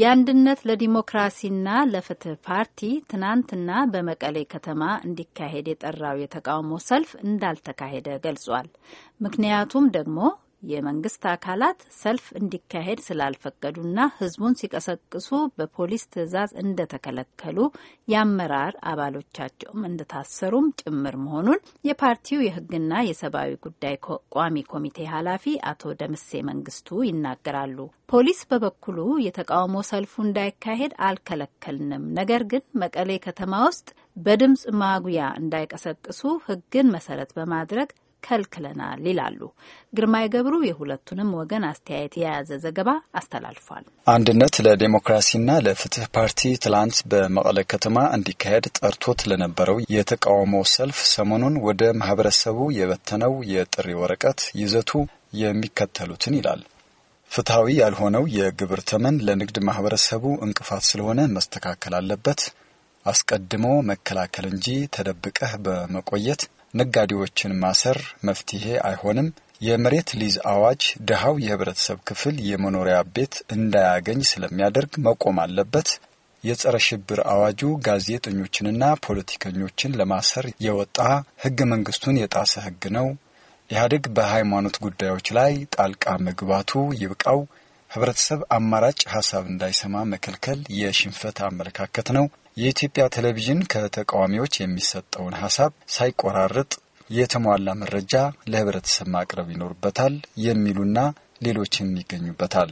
የአንድነት ለዲሞክራሲና ለፍትህ ፓርቲ ትናንትና በመቀሌ ከተማ እንዲካሄድ የጠራው የተቃውሞ ሰልፍ እንዳልተካሄደ ገልጿል። ምክንያቱም ደግሞ የመንግስት አካላት ሰልፍ እንዲካሄድ ስላልፈቀዱና ህዝቡን ሲቀሰቅሱ በፖሊስ ትዕዛዝ እንደተከለከሉ የአመራር አባሎቻቸውም እንደታሰሩም ጭምር መሆኑን የፓርቲው የህግና የሰብአዊ ጉዳይ ቋሚ ኮሚቴ ኃላፊ አቶ ደምሴ መንግስቱ ይናገራሉ። ፖሊስ በበኩሉ የተቃውሞ ሰልፉ እንዳይካሄድ አልከለከልንም፣ ነገር ግን መቀሌ ከተማ ውስጥ በድምፅ ማጉያ እንዳይቀሰቅሱ ህግን መሰረት በማድረግ ከልክለናል ይላሉ። ግርማይ ገብሩ የሁለቱንም ወገን አስተያየት የያዘ ዘገባ አስተላልፏል። አንድነት ለዴሞክራሲና ለፍትህ ፓርቲ ትላንት በመቀለ ከተማ እንዲካሄድ ጠርቶት ለነበረው የተቃውሞ ሰልፍ ሰሞኑን ወደ ማህበረሰቡ የበተነው የጥሪ ወረቀት ይዘቱ የሚከተሉትን ይላል። ፍትሐዊ ያልሆነው የግብር ተመን ለንግድ ማህበረሰቡ እንቅፋት ስለሆነ መስተካከል አለበት። አስቀድሞ መከላከል እንጂ ተደብቀህ በመቆየት ነጋዴዎችን ማሰር መፍትሄ አይሆንም። የመሬት ሊዝ አዋጅ ድሃው የህብረተሰብ ክፍል የመኖሪያ ቤት እንዳያገኝ ስለሚያደርግ መቆም አለበት። የጸረ ሽብር አዋጁ ጋዜጠኞችንና ፖለቲከኞችን ለማሰር የወጣ ህገ መንግስቱን የጣሰ ህግ ነው። ኢህአዴግ በሃይማኖት ጉዳዮች ላይ ጣልቃ መግባቱ ይብቃው። ህብረተሰብ አማራጭ ሀሳብ እንዳይሰማ መከልከል የሽንፈት አመለካከት ነው። የኢትዮጵያ ቴሌቪዥን ከተቃዋሚዎች የሚሰጠውን ሀሳብ ሳይቆራርጥ የተሟላ መረጃ ለህብረተሰብ ማቅረብ ይኖርበታል የሚሉና ሌሎችም ይገኙበታል።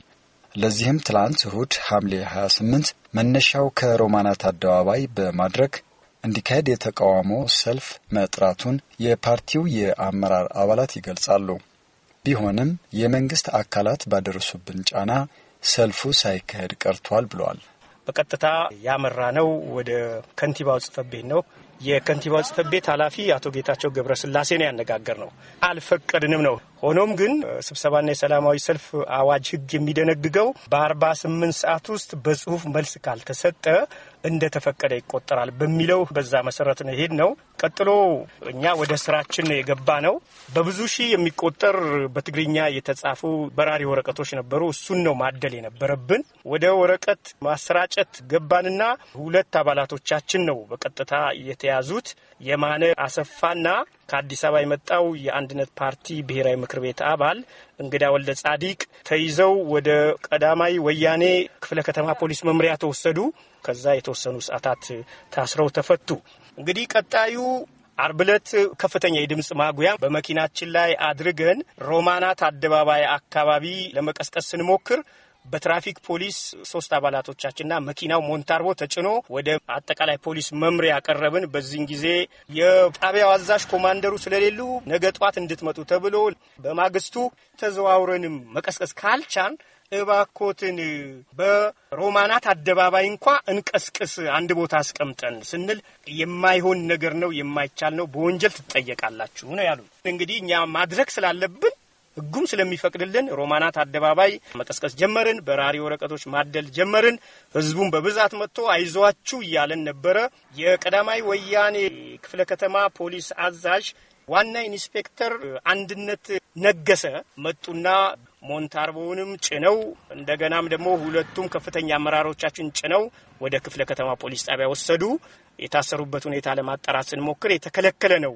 ለዚህም ትላንት እሁድ ሐምሌ 28 መነሻው ከሮማናት አደባባይ በማድረግ እንዲካሄድ የተቃውሞ ሰልፍ መጥራቱን የፓርቲው የአመራር አባላት ይገልጻሉ። ቢሆንም የመንግስት አካላት ባደረሱብን ጫና ሰልፉ ሳይካሄድ ቀርቷል ብለዋል። በቀጥታ ያመራ ነው ወደ ከንቲባው ጽሕፈት ቤት ነው። የከንቲባው ጽፈት ቤት ኃላፊ አቶ ጌታቸው ገብረስላሴ ነው ያነጋገር ነው። አልፈቀድንም ነው። ሆኖም ግን ስብሰባና የሰላማዊ ሰልፍ አዋጅ ህግ የሚደነግገው በ48 ሰዓት ውስጥ በጽሁፍ መልስ ካልተሰጠ እንደተፈቀደ ይቆጠራል በሚለው በዛ መሰረት ነው ይሄድ ነው። ቀጥሎ እኛ ወደ ስራችን የገባ ነው። በብዙ ሺህ የሚቆጠር በትግርኛ የተጻፉ በራሪ ወረቀቶች ነበሩ። እሱን ነው ማደል የነበረብን። ወደ ወረቀት ማሰራጨት ገባንና ሁለት አባላቶቻችን ነው በቀጥታ የተያዙት የማነ አሰፋና ከአዲስ አበባ የመጣው የአንድነት ፓርቲ ብሔራዊ ምክር ቤት አባል እንግዳ ወልደ ጻዲቅ ተይዘው ወደ ቀዳማይ ወያኔ ክፍለ ከተማ ፖሊስ መምሪያ ተወሰዱ። ከዛ የተወሰኑ ሰዓታት ታስረው ተፈቱ። እንግዲህ ቀጣዩ አርብ ዕለት ከፍተኛ የድምፅ ማጉያ በመኪናችን ላይ አድርገን ሮማናት አደባባይ አካባቢ ለመቀስቀስ ስንሞክር በትራፊክ ፖሊስ ሶስት አባላቶቻችንና መኪናው ሞንታርቦ ተጭኖ ወደ አጠቃላይ ፖሊስ መምሪያ ያቀረብን። በዚህን ጊዜ የጣቢያው አዛዥ ኮማንደሩ ስለሌሉ ነገ ጠዋት እንድትመጡ ተብሎ በማግስቱ ተዘዋውረንም መቀስቀስ ካልቻን እባኮትን በሮማናት አደባባይ እንኳ እንቀስቅስ አንድ ቦታ አስቀምጠን ስንል የማይሆን ነገር ነው፣ የማይቻል ነው፣ በወንጀል ትጠየቃላችሁ ነው ያሉ። እንግዲህ እኛ ማድረግ ስላለብን ሕጉም ስለሚፈቅድልን ሮማናት አደባባይ መቀስቀስ ጀመርን። በራሪ ወረቀቶች ማደል ጀመርን። ህዝቡን በብዛት መጥቶ አይዟችሁ እያለን ነበረ። የቀዳማይ ወያኔ ክፍለ ከተማ ፖሊስ አዛዥ ዋና ኢንስፔክተር አንድነት ነገሰ መጡና ሞንታርቦውንም ጭነው እንደገናም ደግሞ ሁለቱም ከፍተኛ አመራሮቻችን ጭነው ወደ ክፍለ ከተማ ፖሊስ ጣቢያ ወሰዱ። የታሰሩበት ሁኔታ ለማጣራት ስንሞክር የተከለከለ ነው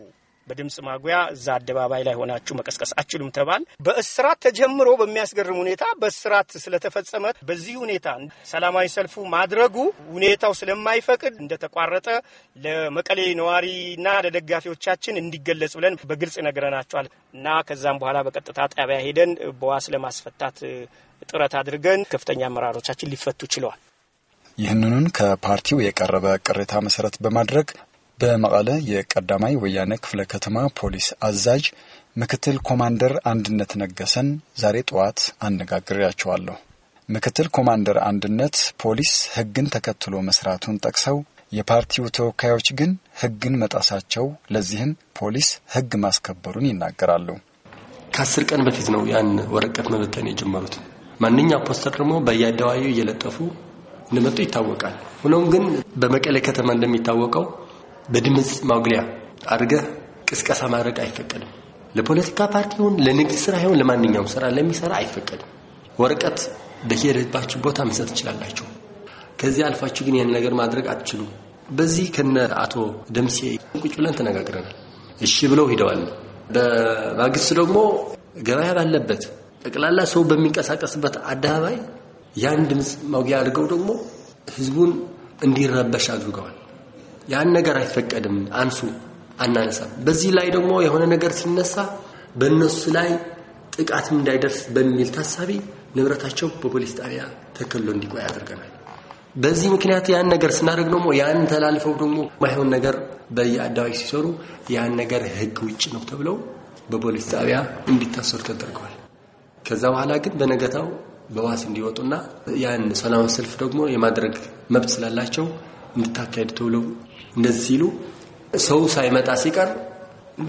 በድምፅ ማጉያ እዛ አደባባይ ላይ ሆናችሁ መቀስቀስ አችሉም ተባል። በእስራት ተጀምሮ በሚያስገርም ሁኔታ በእስራት ስለተፈጸመ በዚህ ሁኔታ ሰላማዊ ሰልፉ ማድረጉ ሁኔታው ስለማይፈቅድ እንደተቋረጠ ለመቀሌ ነዋሪና ለደጋፊዎቻችን እንዲገለጽ ብለን በግልጽ ነግረናቸዋል እና ከዛም በኋላ በቀጥታ ጣቢያ ሄደን በዋስ ለማስፈታት ጥረት አድርገን ከፍተኛ አመራሮቻችን ሊፈቱ ችለዋል። ይህንኑን ከፓርቲው የቀረበ ቅሬታ መሰረት በማድረግ በመቀለ የቀዳማይ ወያነ ክፍለ ከተማ ፖሊስ አዛዥ ምክትል ኮማንደር አንድነት ነገሰን ዛሬ ጠዋት አነጋግሬያቸዋለሁ። ምክትል ኮማንደር አንድነት ፖሊስ ሕግን ተከትሎ መስራቱን ጠቅሰው የፓርቲው ተወካዮች ግን ሕግን መጣሳቸው፣ ለዚህም ፖሊስ ሕግ ማስከበሩን ይናገራሉ። ከአስር ቀን በፊት ነው ያን ወረቀት መበተን የጀመሩት። ማንኛው ፖስተር ደግሞ በየአደባባዩ እየለጠፉ እንደመጡ ይታወቃል። ሆኖም ግን በመቀሌ ከተማ እንደሚታወቀው በድምፅ ማጉሊያ አድርገህ ቅስቀሳ ማድረግ አይፈቀድም። ለፖለቲካ ፓርቲ ይሁን ለንግድ ስራ ይሁን ለማንኛውም ስራ ለሚሰራ አይፈቀድም። ወረቀት በሄደባችሁ ቦታ መስጠት ትችላላችሁ። ከዚህ አልፋችሁ ግን ያን ነገር ማድረግ አትችሉም። በዚህ ከነ አቶ ደምሴ ቁጭ ብለን ተነጋግረናል። እሺ ብለው ሂደዋል። በማግስቱ ደግሞ ገበያ ባለበት ጠቅላላ ሰው በሚንቀሳቀስበት አደባባይ ያን ድምፅ ማጉያ አድርገው ደግሞ ህዝቡን እንዲረበሽ አድርገዋል። ያን ነገር አይፈቀድም፣ አንሱ አናነሳም። በዚህ ላይ ደግሞ የሆነ ነገር ሲነሳ በእነሱ ላይ ጥቃትም እንዳይደርስ በሚል ታሳቢ ንብረታቸው በፖሊስ ጣቢያ ተከሎ እንዲቆይ አድርገናል። በዚህ ምክንያት ያን ነገር ስናደርግ ደግሞ ያን ተላልፈው ደግሞ ማይሆን ነገር በየአደባባይ ሲሰሩ ያን ነገር ህግ ውጭ ነው ተብለው በፖሊስ ጣቢያ እንዲታሰሩ ተደርገዋል። ከዛ በኋላ ግን በነገታው በዋስ እንዲወጡና ያን ሰላማዊ ሰልፍ ደግሞ የማድረግ መብት ስላላቸው እንድታካሄድ ተብሎ እንደዚህ ሲሉ ሰው ሳይመጣ ሲቀር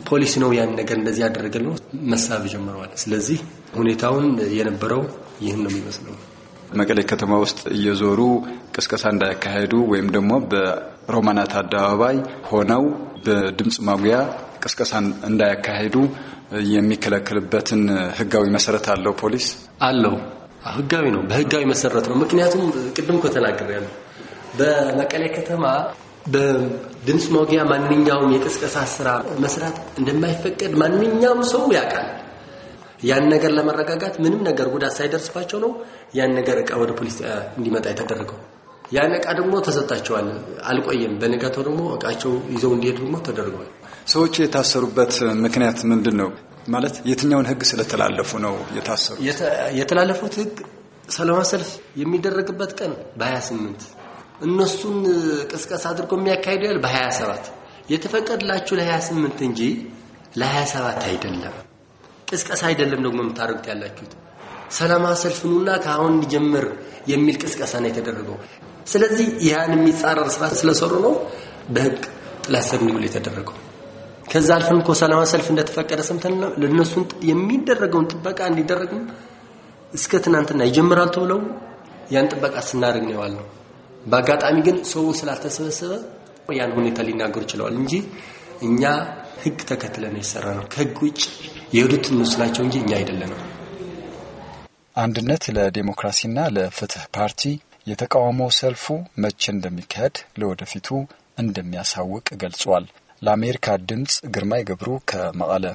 ፖሊስ ነው ያን ነገር እንደዚህ ያደረገል ነው መሳብ ጀምረዋል። ስለዚህ ሁኔታውን የነበረው ይህን ነው የሚመስለው። መቀሌ ከተማ ውስጥ እየዞሩ ቅስቀሳ እንዳያካሄዱ ወይም ደግሞ በሮማናት አደባባይ ሆነው በድምፅ ማጉያ ቅስቀሳ እንዳያካሄዱ የሚከለክልበትን ህጋዊ መሰረት አለው። ፖሊስ አለው፣ ህጋዊ ነው፣ በህጋዊ መሰረት ነው። ምክንያቱም ቅድም ከተናገር ያለው በመቀሌ ከተማ በድምፅ መውጊያ ማንኛውም የቅስቀሳ ስራ መስራት እንደማይፈቀድ ማንኛውም ሰው ያውቃል። ያን ነገር ለመረጋጋት ምንም ነገር ጉዳት ሳይደርስባቸው ነው ያን ነገር እቃ ወደ ፖሊስ እንዲመጣ የተደረገው። ያን እቃ ደግሞ ተሰጣቸዋል። አልቆየም። በንጋታው ደግሞ እቃቸው ይዘው እንዲሄዱ ደግሞ ተደርገዋል። ሰዎች የታሰሩበት ምክንያት ምንድን ነው? ማለት የትኛውን ህግ ስለተላለፉ ነው የታሰሩት? የተላለፉት ህግ ሰላማዊ ሰልፍ የሚደረግበት ቀን በ28 እነሱን ቅስቀሳ አድርጎ የሚያካሂዱ ያል በ27 የተፈቀድላችሁ ለ28 እንጂ ለ27 አይደለም። ቅስቀሳ አይደለም ደግሞ የምታደርጉት ያላችሁት ሰላማ ሰልፍ ከአሁን ጀምር የሚል ቅስቀሳ ነው የተደረገው። ስለዚህ ያን የሚጻረር ስራ ስለሰሩ ነው በህግ ጥላ ስር እንዲውል የተደረገው። ከዛ አልፈን እኮ ሰላማ ሰልፍ እንደተፈቀደ ሰምተን ለእነሱን የሚደረገውን ጥበቃ እንዲደረግም እስከ ትናንትና ይጀምራል ተብለው ያን ጥበቃ ስናደርግ ነው የዋልነው። በአጋጣሚ ግን ሰው ስላልተሰበሰበ ያን ሁኔታ ሊናገሩ ይችለዋል እንጂ እኛ ህግ ተከትለን የሰራ ነው። ከህግ ውጭ የሄዱት እነሱ ናቸው እንጂ እኛ አይደለንም። አንድነት ለዴሞክራሲና ለፍትህ ፓርቲ የተቃውሞ ሰልፉ መቼ እንደሚካሄድ ለወደፊቱ እንደሚያሳውቅ ገልጿል። ለአሜሪካ ድምፅ ግርማይ ገብሩ ከመቀለ